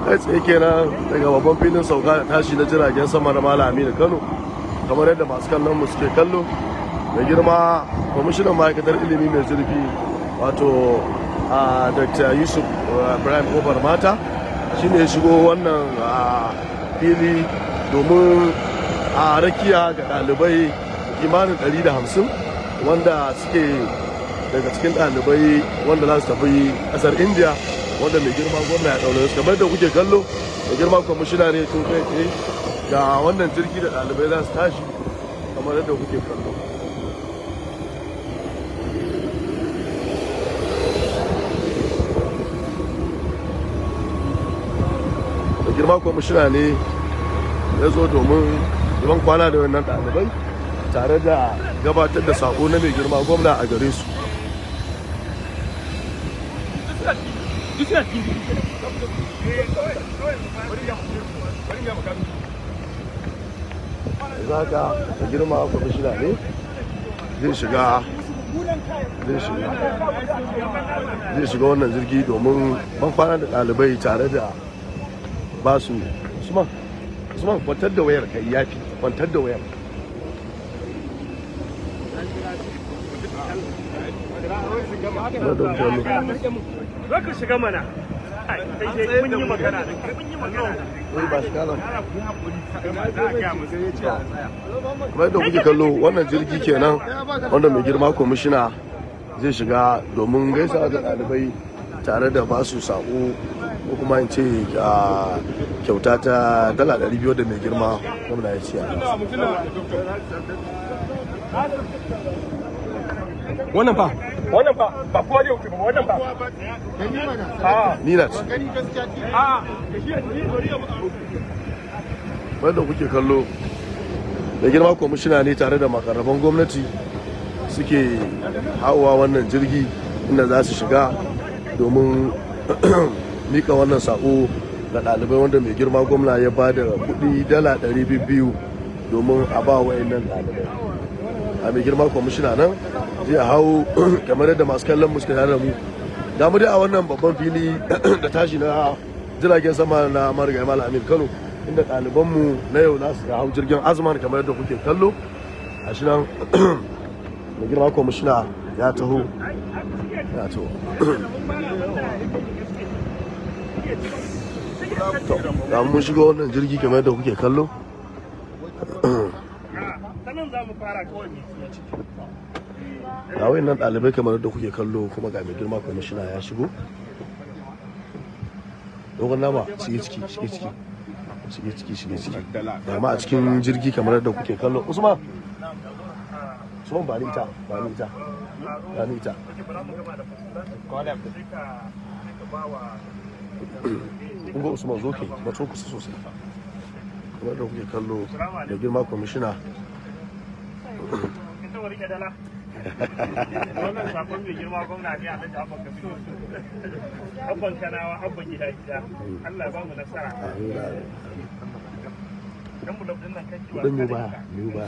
kai tsaye kenan daga babban filin sauka da tashi na jiragen sama na malami da kano kamar yadda masu kallon mu suke kallo mai girma kwamishinan ma'aikatar ilimi mai zurfi wato a dr yusuf eh, ibrahim kofar mata shine shigo wannan fili domin a rakiya ga ɗalibai kimanin 150 wanda suke daga cikin dalibai wanda za su tafi ƙasar india wanda mai girma gwamna ya daura kamar da kuke kallo mai girma kwamishina ne to kai tsaye ga wannan jirgi da ɗalibai za su tashi kamar da kuke kallo mai girma kwamishina ne ya zo domin yawan kwana da wannan ɗalibai tare da gabatar da sako na mai girma gwamna a gare su suna cikin jirgin ka kwamishina ne zai shiga zai shiga zai shiga wannan jirgi domin ban kwana da ɗalibai tare da ba su usman usman kwantar da wayar kai yafi kwantar da wayar za ku shiga mana kun yi magana kun yi magana ba shi kalan kamar yadda kuke kallo wannan jirgi kenan wanda mai girma kwamishina zai shiga domin gaisa da ɗalibai tare da ba su sako ko kuma in ce kyauta ta dala 200 da mai girma gwamna ya ce wannan fa wannan ba ba kowa ne ba wannan ba ni na wanda kuke kallo da girma kwamishina ne tare da makarraban gwamnati suke hawa wannan jirgi inda za su shiga domin mika wannan sako ga ɗalibai wanda mai girma gwamna ya ba da kuɗi dala ɗari biyu domin a ba nan ɗalibai a mai girma kwamishina nan je a hau kamar yadda masu kallon musu da mu da mu dai a wannan babban fili da tashi na jiragen sama na marigayi malam amir kano inda ɗalibanmu na yau nasu ya hau jirgin azman kamar yadda kuke kallo a shi nan da girma kwamishina ya taho ya taho da mun shiga wannan jirgi kamar yadda kuke kallo ta za mu fara kawai mai ciki ga wayannan dalibai kamar da kuke kallo kuma ga mai girma kwamishina ya shigo dogon nama shige ciki shige ciki shige ciki shige ciki da ma a cikin jirgi kamar da kuke kallo usman usman ba ni ita ba ni ita ba ni ita kun ga usman zo ke matso kusa sosai kamar da kuke kallo da girma kwamishina wannan sakon mai girma gwamna ne a abban kanawa abban gida gida allah ba mu nasara mu mu mu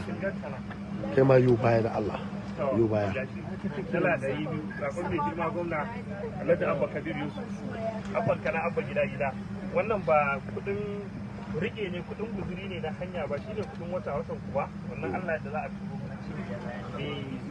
kai ma yu baya da allah yu baya dala da yi sakon mai girma gwamna alhaji yusuf abban kana abban gida gida wannan ba kudin rike ne kudin guzuri ne na hanya ba shine ne kudin wata watan kuwa wannan allah da za a turo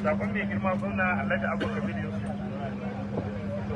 Sakon mai girma gwamna Alhaji Abubakar Bidiyo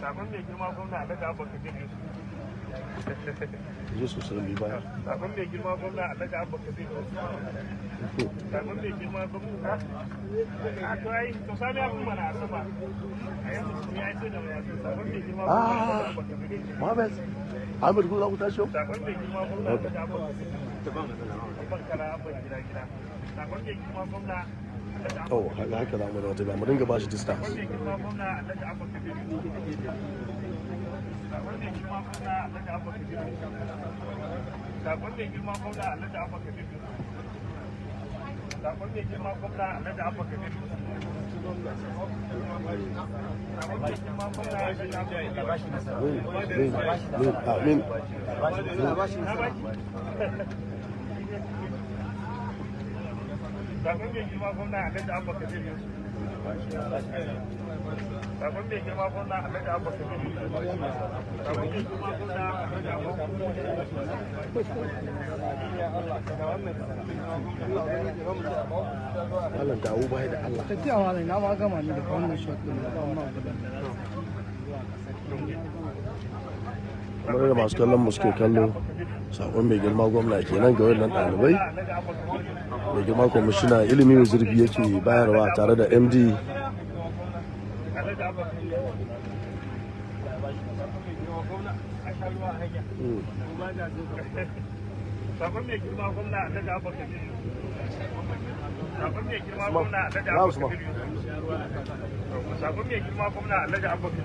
sabon mai girma gwamna a daga abaka jirgin su zo su bi baya sabon mai girma gwamna a daga abaka jirgin su sabon mai girma gwamna a ah, to ai to sani abu mana asaba a yanzu su ya ce da wani sabon mai girma gwamna a ah, daga abaka jirgin su mohamed ahmed gudu ku tashi sabon mai girma gwamna a daga abaka jirgin su ban kara abin gida gida sabon mai girma gwamna oh haka haka za mu da wata mu dinga ba shi distance sakon mai girma gwamna alhaji abba kabir sakon mai girma gwamna alhaji abba kabir Amin. Amin. Sakon mai girma gwamna Sakon girma gwamna Sakon girma gwamna Allah da da Allah. Tafiya na ma gama ni da wannan shot din da wannan gudan. kamar da masu kallon mu suke kallo sakon mai girma gwamna kenan ga wannan ɗalibai mai girma kwamishina ilimi mai zurfi yake bayarwa tare da md Sabon mai girma gwamna a da abokan sakon mai girma gwamna na da abokan sakon mai girma gwamna na da abokan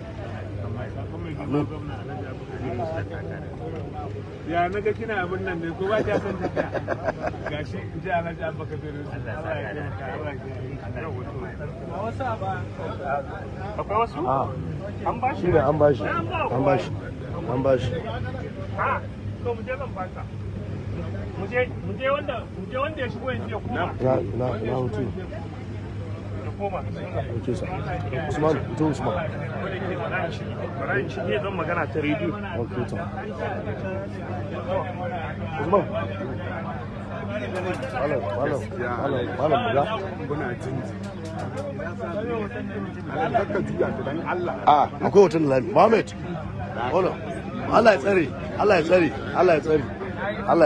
ya na ga kina abin nan ne ko ba ta son tafiya ga shi ji Allah ya taimaka Allah ya ba akwai wasu an ba shi an ba shi an ba shi an ba shi ha to mu je ba ka mu je mu je wanda mu je wanda ya shigo yanzu ya kuma na na na Usman, Usman. magana ta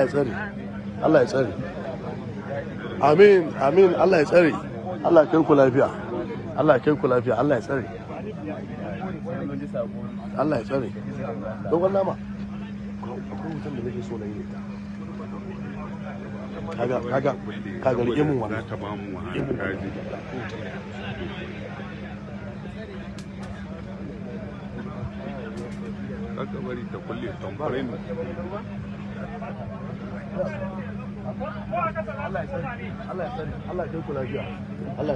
Usman. Ah, amin, amin, Allah ya tsare. Allah ya kai ku lafiya Allah ya kai ku lafiya Allah ya tsare Allah ya tsare akwai da nake so na yi ta kaga kaga kaga rike wannan ba mu kaga bari ta kulle tamfarin Allah ya sani Allah ya sani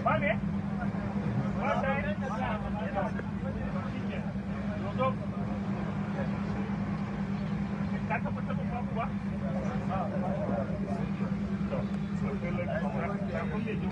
Vale. Vale.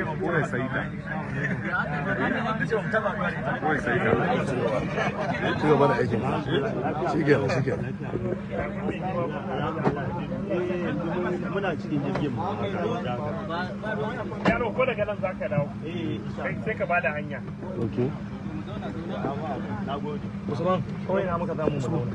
声さいたい声さいたい这个把它给你，这个这个。muna cikin jirgin mu yaro ko daga nan zaka dawo sai ka bada hanya okay Usman, kawai na maka zamu mu zauna.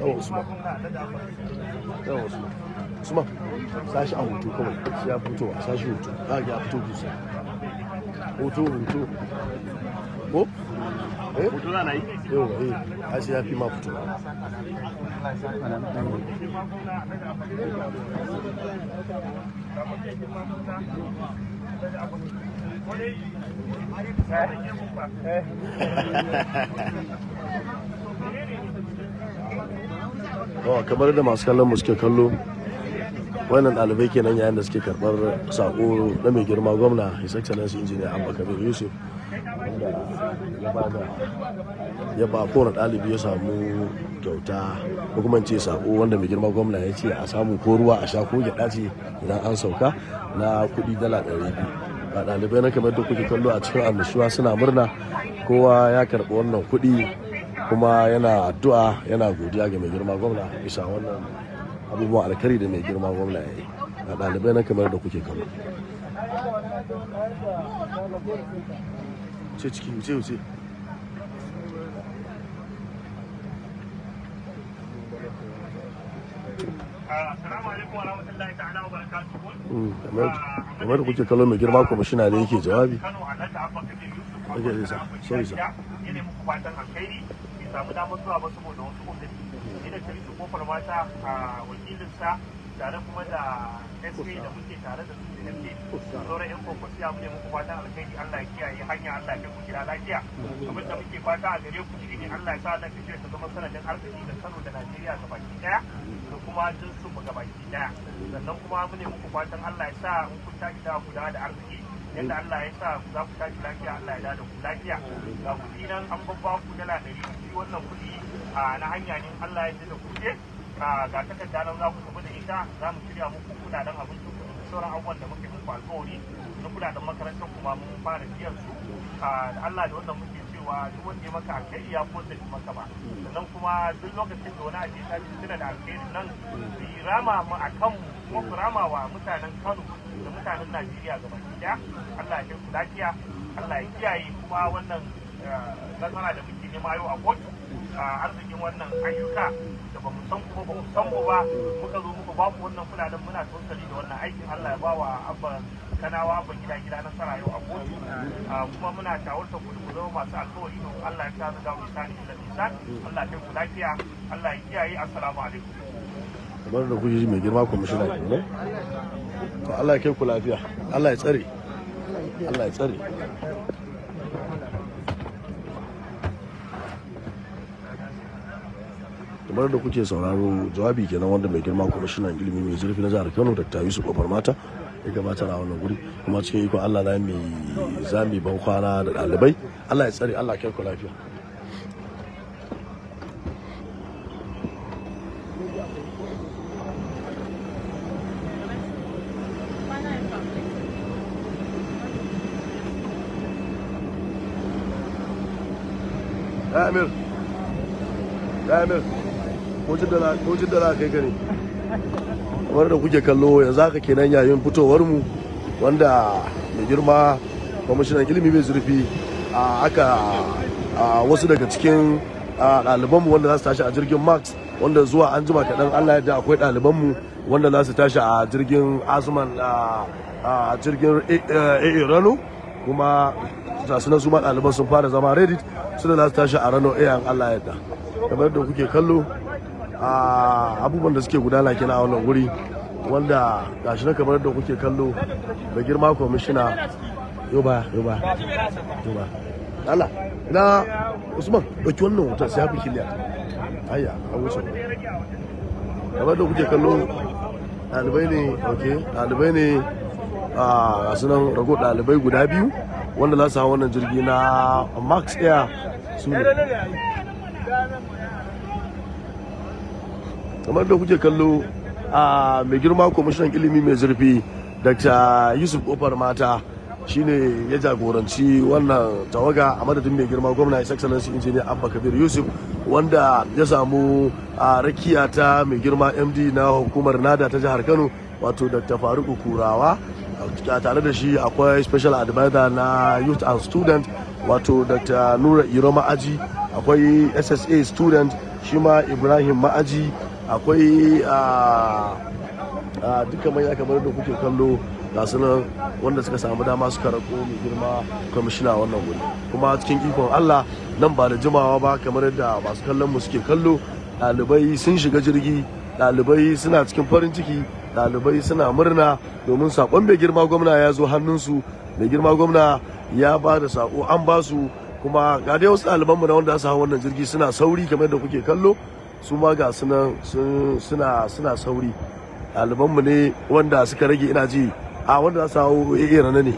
yawa usman yawa usman usman sashi a hoto kawai shi ya fito a sashi hoto a ya fito dusa hoto hoto ko eh hoto na yi yawa eh a shi ya fi ma fito Eh. kamar da masu kallon mu suke kallo wannan ɗalibai kenan yayin da suke karɓar sako na mai girma gwamna his excellency engineer abba kabir yusuf ya ba kowane ɗalibi ya samu kyauta ko sako wanda mai girma gwamna ya ce a samu ko ruwa a sha ko gyaɗa idan an sauka na kuɗi dala ɗari biyu ɗalibai na kamar da kuke kallo a cikin annashuwa suna murna kowa ya karɓi wannan kuɗi kuma yana addu'a yana godiya ga mai girma gwamna bisa wannan abubuwan alkari da mai girma gwamna ya yi a ɗalibai na kamar da kuke kama. ce ciki wuce wuce hmm, kamar da kuke kallo mai girma kuma shi na da yake jawabi ake isa sorry sir samu damar zuwa ba saboda wasu uzuri ne da ta rikin kofar mata a wakilinsa tare kuma da sk da muke tare da su da MD sauran yan kwakwasiya mu ne muku fatan alkhairi Allah ya kiyaye hanya Allah ya ku gida lafiya da muke fata a gare ku shine Allah ya sa a kace ta zama sanadin arziki da Kano da Najeriya ga baki daya da kuma jinsu ga baki daya sannan kuma mu ne muku fatan Allah ya sa in kuta gida guda da arziki yadda Allah ya sa za ku tashi lafiya Allah ya da ku lafiya ga kuɗi nan an babba ku dala ɗari biyu wannan kuɗi na hanya ne Allah ya da ku je ga takarda nan za ku tafi da ita za mu shirya muku kuɗaɗen abincin ku da sauran abubuwan da muke muku alƙawari na kuɗaɗen makarantar kuma mun fara biyan su Allah da wannan muke cewa duk wanda maka alkhairi ya kosa shi maka ba sannan kuma duk lokacin da wani aje ta tuna da alkhairi nan su rama mu akan mu kuma rama wa mutanen Kano da mutanen Najeriya gaba ɗaya Allah ya ku lafiya Allah ya kiyaye kuma wannan eh, nasara da muke nema yau a kotu a arzikin wannan ayyuka da ba mu san kuma ba mu san mu ba muka zo muka ba ku wannan kulalen muna tausali da wannan aikin Allah ya ba wa abba kanawa abba gida gida nasara yau a kotu kuma muna shawarta ku ku zama masu alkawari don Allah ya ta zaga mu sani da Allah ya ku lafiya Allah ya kiyaye assalamu alaikum kamar da kuke mai girma kwamishina ne to Allah ya kai ku lafiya Allah ya tsare Allah ya tsare kamar da kuke sauraro jawabi kenan wanda mai girma kwamishinan ilimi mai zurfi na jihar kano da tayi kofar mata ya gabata a wannan guri kuma cikin ikon allah na mai zami ban kwana da ɗalibai allah ya tsare allah kai ku lafiya amir da amir kocin da za kai ka ne kamar da kuke kallo yanzu haka kenan yayin fitowar mu wanda mai girma kwamishinan ilimi mai zurfi a aka a wasu daga cikin ɗalibanmu wanda za su tashi a jirgin max wanda zuwa an jima kaɗan allah yadda akwai ɗalibanmu wanda za su tashi a jirgin asuman a jirgin rano kuma ta sunan su ma ɗaliban sun fara zama ready suna za su tashi a ranar eh, iya Allah ya da kamar da kuke kallo a abubuwan da suke gudana kina a wannan wuri wanda gashi na kamar da kuke kallo da girma kwamishina yoba yoba yoba Allah na Usman ɗauki wannan hoton sai hafi kiliya ayya a wuce kamar da kuke kallo ɗalibai ne ok ɗalibai ne a sunan rago ɗalibai guda biyu wanda za su hawa wannan jirgi na max air su ne kamar da kuke kallo a mai girma kwamishinan ilimi mai zurfi dr yusuf kofar mata shine ya jagoranci wannan tawaga a madadin mai girma gwamna his excellency engineer abba kabir yusuf wanda ya samu a rakiya ta mai girma md na hukumar nada ta jihar kano wato dr faruku kurawa A tare da shi akwai special advisor na youth and student wato dr nura iro ma'aji akwai ssa student shi ma ibrahim ma'aji akwai ah, ah, duka manya kamar da kuke kallo ga nan wanda suka samu dama suka rako mai girma kwamishina wannan wuri kuma cikin ikon allah nan ba da jimawa ba kamar yadda masu kallon mu suke kallo ɗalibai sun shiga jirgi ɗalibai suna cikin farin ciki ɗalibai suna murna domin sakon mai girma gwamna ya zo hannunsu mai girma gwamna ya ba da sako an ba su kuma ga dai wasu ɗalibanmu na wanda su wannan jirgi suna sauri kamar da kuke kallo su ma ga suna suna sauri ɗalibanmu ne wanda suka rage ina ji a wanda za su hau iya rana ne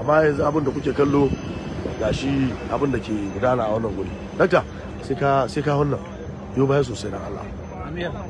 amma yanzu abin da kuke kallo ga shi abin da ke gudana a wannan guri dakta sai ka wannan yau sosai na Allah kamar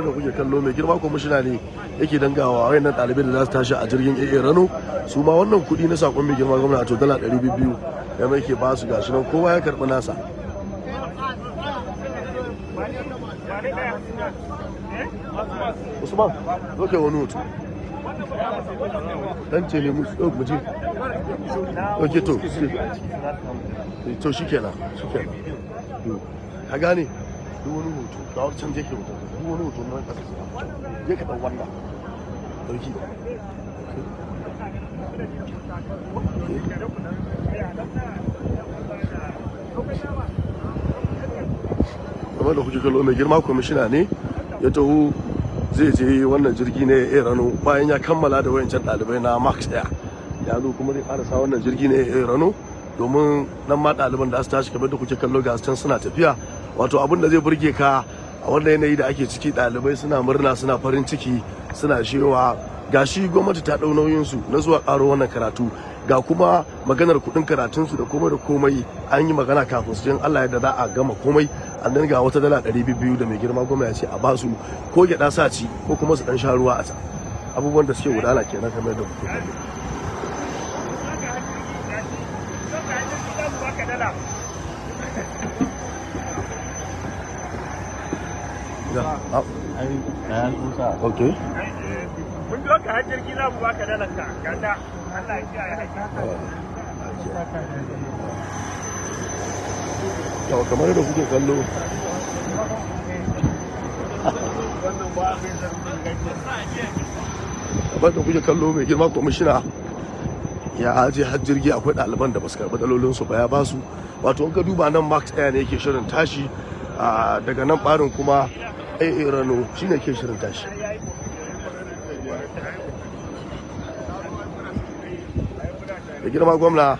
da kuke kallo mai girma kwamishina ne yake dangawa wayannan ɗalibai da za su tashi a jirgin AA Rano su ma wannan kuɗi na sakon mai girma gwamna a to dala 200 mai ke ba su gashi nan kowa ya karɓi nasa usman zoke wani dan ce ne oh, mu to eh, to shi kenan shi kenan hmm. ka gane duk wani hoto ga ke hoto duk wani hoto kamar da kuke kallo mai girma kwamishina ne ya taho zai je wannan jirgi ne ya rano bayan ya kammala da wayancan ɗalibai na max ɗaya ya zo kuma zai sa wannan jirgi ne ya rano domin nan ma ɗaliban da su tashi kamar da kuke kallo ga can suna tafiya wato abin da zai burge ka a wannan yanayi da ake ciki ɗalibai suna murna suna farin ciki suna shewa ga shi gwamnati ta ɗau su na zuwa ƙaro wannan karatu ga kuma maganar kuɗin karatunsu da komai da komai an yi magana kafin su jin Allah yadda za a gama komai an ga wata dala ɗari biyu da mai girma gwamna ya ce a basu ko gyaɗa sa ci ko kuma su ɗan sha ruwa a can abubuwan da suke gudana kenan kamar da kuke kalli. Okay. mun ka kamar da kuke kallo kamar kuke kallo mai girma kwamishina ya je hajjirgi akwai ɗaliban da basu karɓi su ba ya basu wato wanka duba nan max air ne yake shirin tashi ah, daga nan ɓarin kuma AA Rano ne ke shirin tashi mai girma gwamna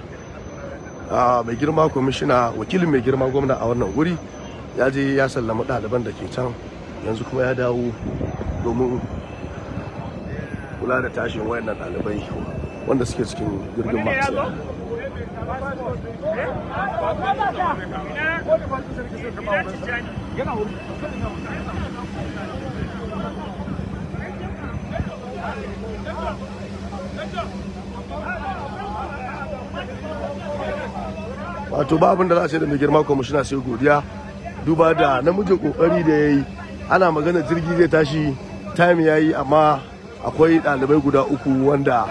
mai girma kwamishina wakilin mai girma gwamna a wannan guri ya je ya sallama ɗaliban da ke can yanzu kuma ya dawo domin kula da tashin wayannan ɗalibai wanda suke cikin jirgin masu Let's go. wato ba abin da za a ce da mai girma kwamishina sai godiya duba da namijin kokari da ya yi ana magana jirgi zai tashi time ya yi amma akwai ɗalibai guda uku wanda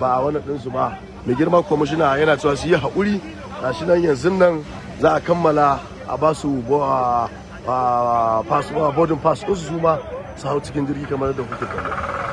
ba wani ɗinsu ba mai girma kwamishina yana cewa su yi haƙuri shi nan yanzu nan za a kammala a ba su boarding pass su ma su hau cikin jirgi kamar da kuke kallo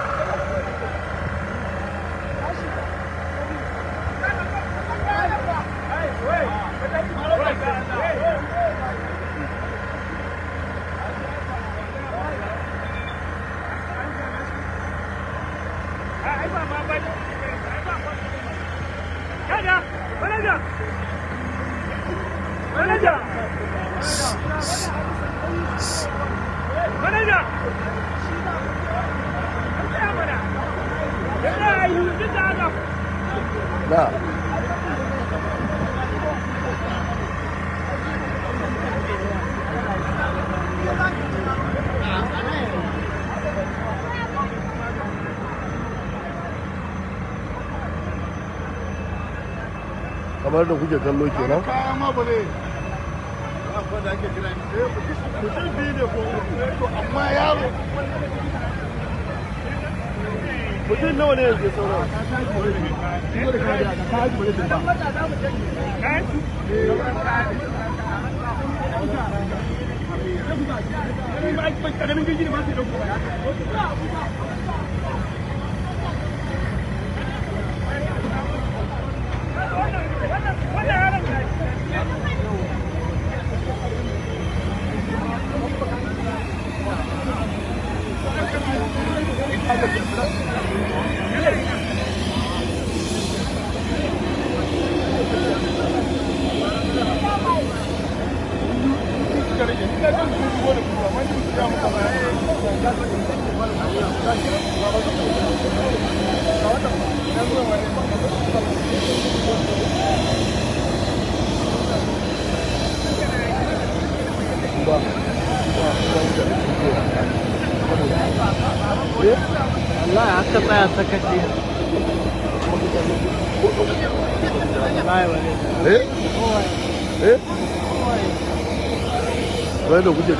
No. kamar da kuke kallo ke nan mutum nawa ne yanzu sauran Thank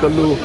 pelo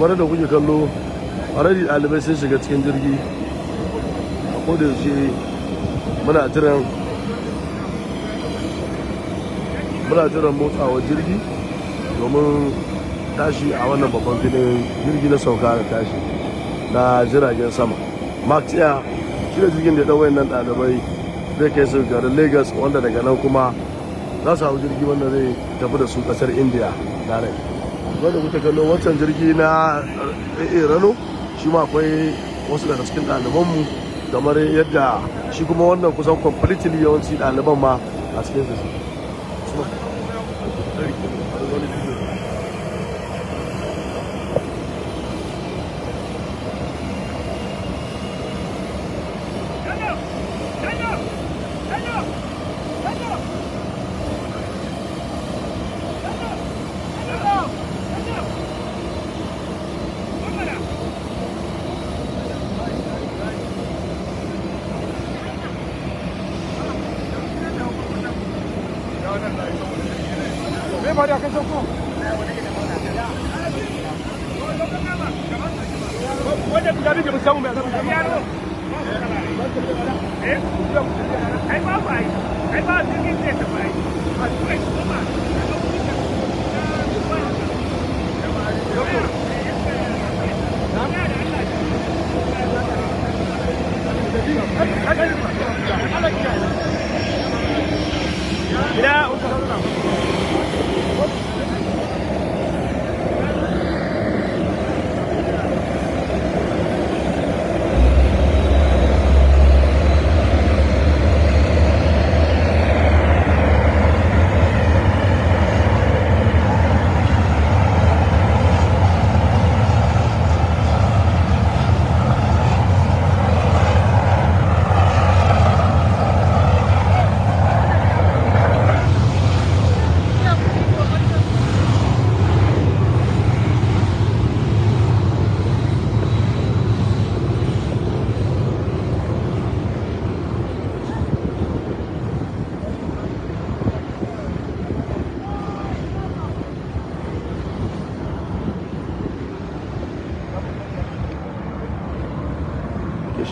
kamar da kuke kallo already dalibai sun shiga cikin jirgi a kodayaushe muna jiran muna jiran motsawa jirgi domin tashi a wannan babban filin jirgi na sauka da tashi na jiragen sama mark tia shi da jirgin da ɗauwayin nan ɗalibai zai kai su garin lagos wanda daga nan kuma za su hau jirgi wanda zai tafi da su kasar india rai wanda kuke kallo wancan jirgi na eh, eh, rano shi ma akwai wasu daga cikin mu kamar yadda shi kuma wannan kusan completely yawanci ɗaliban ma a cikin su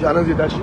já nas idades de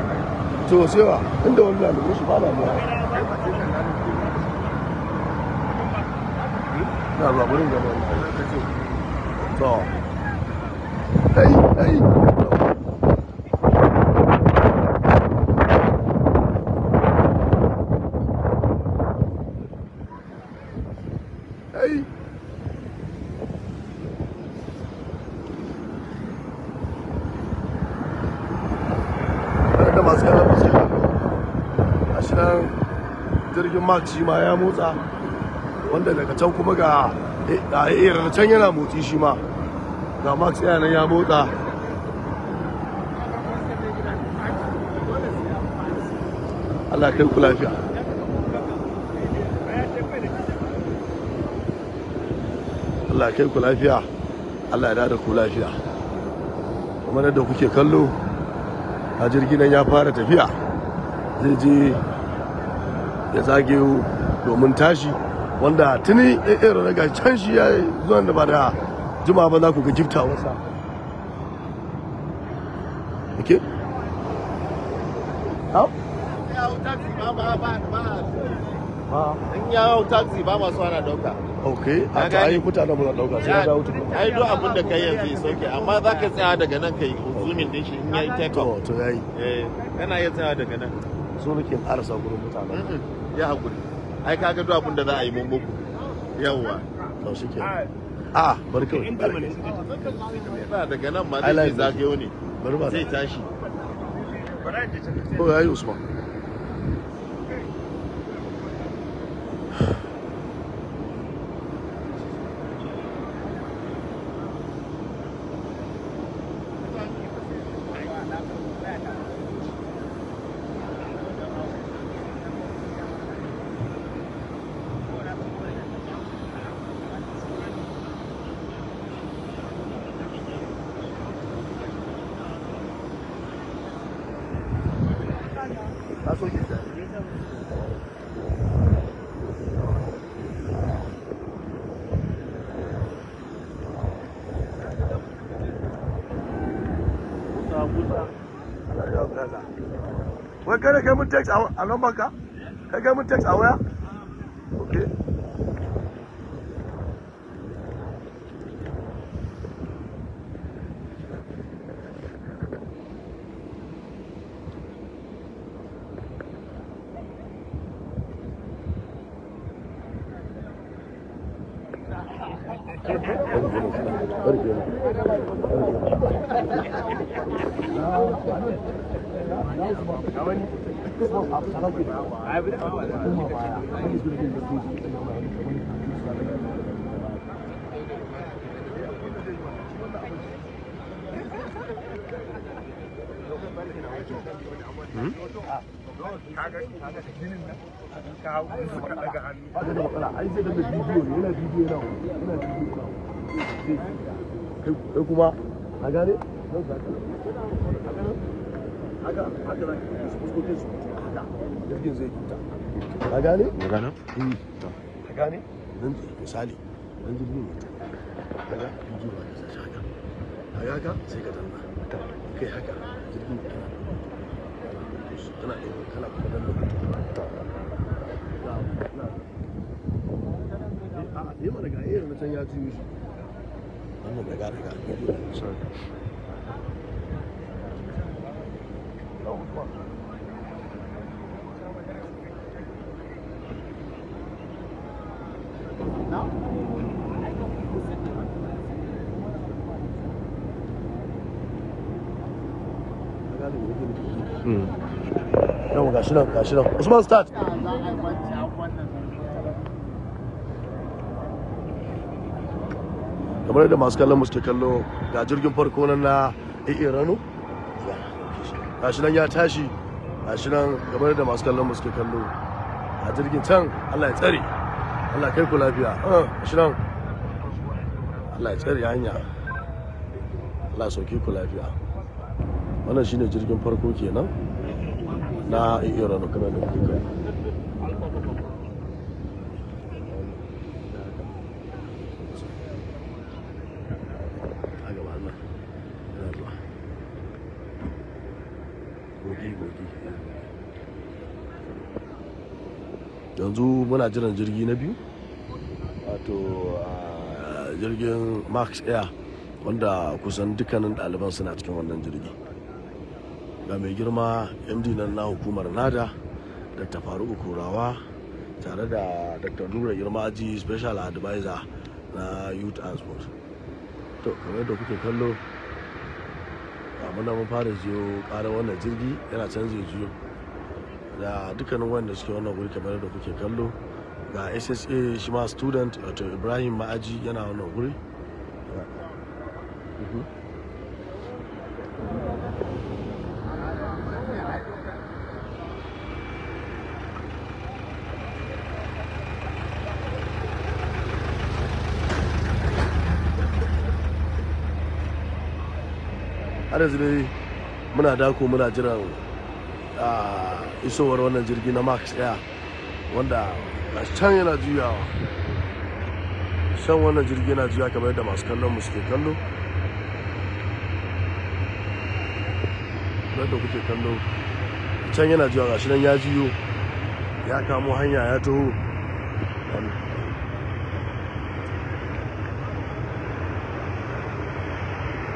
to sewa inda wani lalubin shi ba na ba na ba gurin gaba to ai ai wurin mark shi ma ya motsa wanda daga can kuma ga a can yana motsi shi ma ga max yana ya motsa Allah kai ku Allah kai ku lafiya Allah ya dada kulafiya lafiya kamar da kuke kallo a jirgin nan ya fara tafiya zai je ya zage domin tashi wanda tuni ya irin daga can shi ya zuwa da ba da juma ba za ku ga gifta wasa okay how in ya hau taxi ba masu ana dauka ok a ta yi kuta da muna dauka sai ya dawo tukun ai duk abin da kai yanzu ya sauke amma za ka tsaya daga nan kai zumin din shi in ya yi take off to yayi eh, kana iya tsaya daga nan so nake arsa gurin mutanen ya hakuri ai ka ga abin da za a yi mun muku yawwa to ah. Ah, shi ke a barka ba daga nan ma zai zagayo ne bari ba zai tashi bari ya yi usman text a number ka ka ga mun text a waya kai kuma a gane? حاجه حاجه مظبوط حاجه يرجع زي بتاع حاجاني حاجانا حاجاني ننزل مثالي ننزل مين حاجه نجيب حاجه حاجه إيه. زي كده اوكي حاجه ترجم طلع طلع لا لا ليه آه، إيه ما رجع ايه مثلا يا تيوش انا رجع رجع yau gashi kamar yadda masu kallon mu suke kallo ga jirgin farko na na iranu gashi nan ya tashi gashi nan kamar da masu kallon suke kallo a jirgin can Allah ya tsare Allah kai ku lafiya ah, gashi nan Allah ya tsare hanya Allah ya sauke ku lafiya wannan shine jirgin farko kenan na iya rano kamar da kuka yanzu muna jiran jirgi na biyu wato jirgin max air wanda kusan dukkanin ɗaliban suna cikin wannan jirgi ga mai girma md na hukumar nada da faruku kurawa tare da dr nura girma ji special advisor na youth and sport to kamar da kuke kallo muna mun fara jiyo ƙarar wannan jirgi yana canza jiyo da dukkanin wanda suke wannan guri kamar da kuke kallo ga ssa shi ma student wato ibrahim ma'aji yana wannan guri har yanzu dai muna dako muna jiran isowar wannan jirgi na max air wanda can yana juyawa shan wannan jirgi na juya kamar yadda masu kallon musu suke kallo wadda kuke kallo can yana juya ga nan ya juyo ya kamo hanya ya taho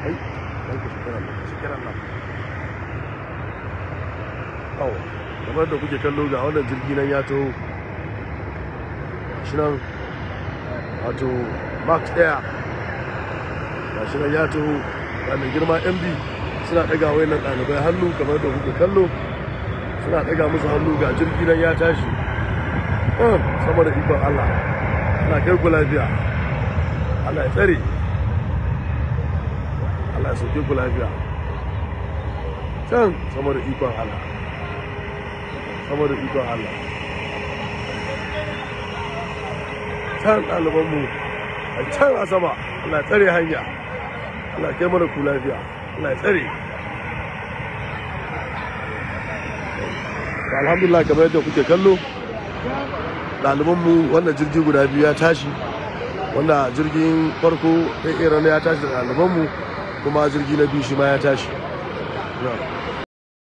ai ai kamar da kuke kallo ga wannan jirgi nan ya taho shi nan wato max air shi nan ya taho ga mai girma mb suna ɗaga nan ɗalibai hannu kamar da kuke kallo suna ɗaga musu hannu ga jirgi nan ya tashi ah, sama da ikon allah ana kai ku lafiya allah ya tsare allah ya sauke ku lafiya can sama da ikon allah saboda ikon Allah can ɗalibanmu a can a sama Allah tsare hanya Allah kai mana ku lafiya Allah tsare alhamdulillah kamar yadda kuke kallo ɗalibanmu wannan jirgi guda biyu ya tashi wanda jirgin farko ɗaya ya tashi da ɗalibanmu kuma jirgi na biyu shi ma ya tashi